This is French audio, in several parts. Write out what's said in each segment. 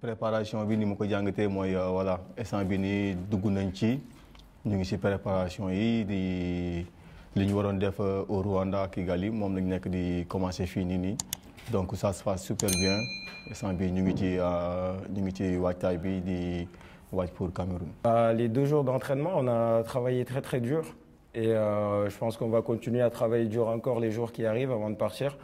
préparation bi ni ma ko moy mooy euh, voilà instant bi ni dugg nañ ci ñu préparation yi di li waron euh, au Rwanda Kigali mom lañ nekk di commencer fini ni donc ça se passe super bien instant bi ñu ngi ci euh, ñu ngi ci bi di Cameroun. les deux jours d'entraînement on a travaillé très très dur et je pense qu'on va continuer à travailler dur encore les jours qui arrivent avant de partir.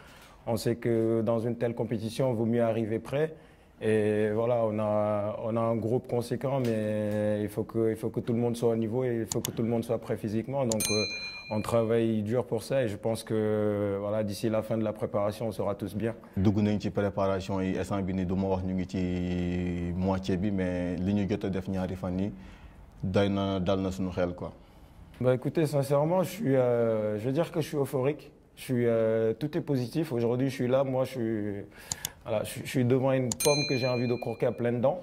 On sait que dans une telle compétition, il vaut mieux arriver prêt. Et voilà, on a, on a un groupe conséquent, mais il faut, que, il faut que tout le monde soit au niveau et il faut que tout le monde soit prêt physiquement. Donc euh, on travaille dur pour ça et je pense que voilà, d'ici la fin de la préparation, on sera tous bien. ci préparation yi bi moitié mais li ñu def ñaari bah, écoutez, sincèrement, je, suis, euh, je veux dire que je suis euphorique. Je suis, euh, tout est positif. Aujourd'hui, je suis là. Moi, je suis. Voilà, je, suis devant une pomme que j'ai envie de croquer à pleines dents.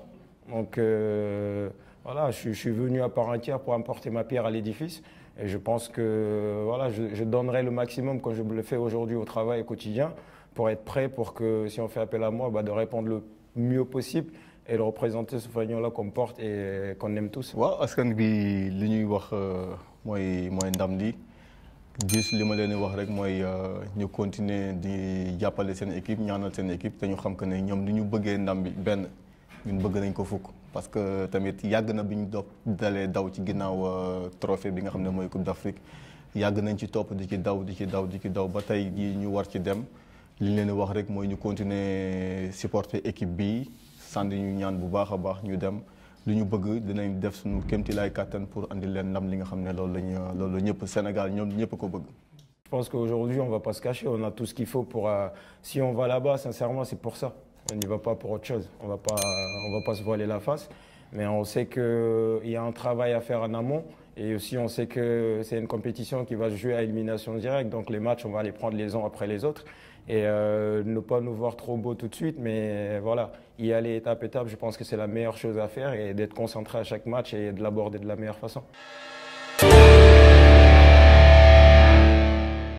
Donc euh, voilà, je, suis venu à part entière pour emporter ma pierre à l'édifice. Et je pense que voilà, je, donnerai le maximum quand je le fais aujourd'hui au travail quotidien pour être prêt pour que si on fait appel à moi, bah, de répondre le mieux possible et de représenter ce fagnon-là qu'on porte et qu'on aime tous. Euh, ouais, gis li ma leen di wax rek mooy euh, ñu continuer di jàppale seen équipe ñaanal seen équipe te ñu xam que ne ñoom li ñu bëggee ndam bi benn ñun bëgg nañ ko fukk parce que tamit yàgg na bi ñu do dalee daw ci ginnaaw euh, trophée bi nga xam ne mooy Coupe d'Afrique yàgg nañ ci topp di ci daw di ci daw di ci daw ba tey jii ñu war ci dem li leen di wax rek mooy ñu continuer supporter équipe bi sànni ñu ñaan bu baax a baax ñu dem. je pense qu'aujourd'hui on va pas se cacher on a tout ce qu'il faut pour euh, si on va là-bas sincèrement c'est pour ça on n'y va pas pour autre chose on va pas on va pas se voiler la face mais on sait que il y a un travail à faire en amont. Et aussi, on sait que c'est une compétition qui va se jouer à élimination directe. Donc, les matchs, on va les prendre les uns après les autres. Et euh, ne pas nous voir trop beaux tout de suite. Mais voilà, y aller étape étape, je pense que c'est la meilleure chose à faire et d'être concentré à chaque match et de l'aborder de la meilleure façon.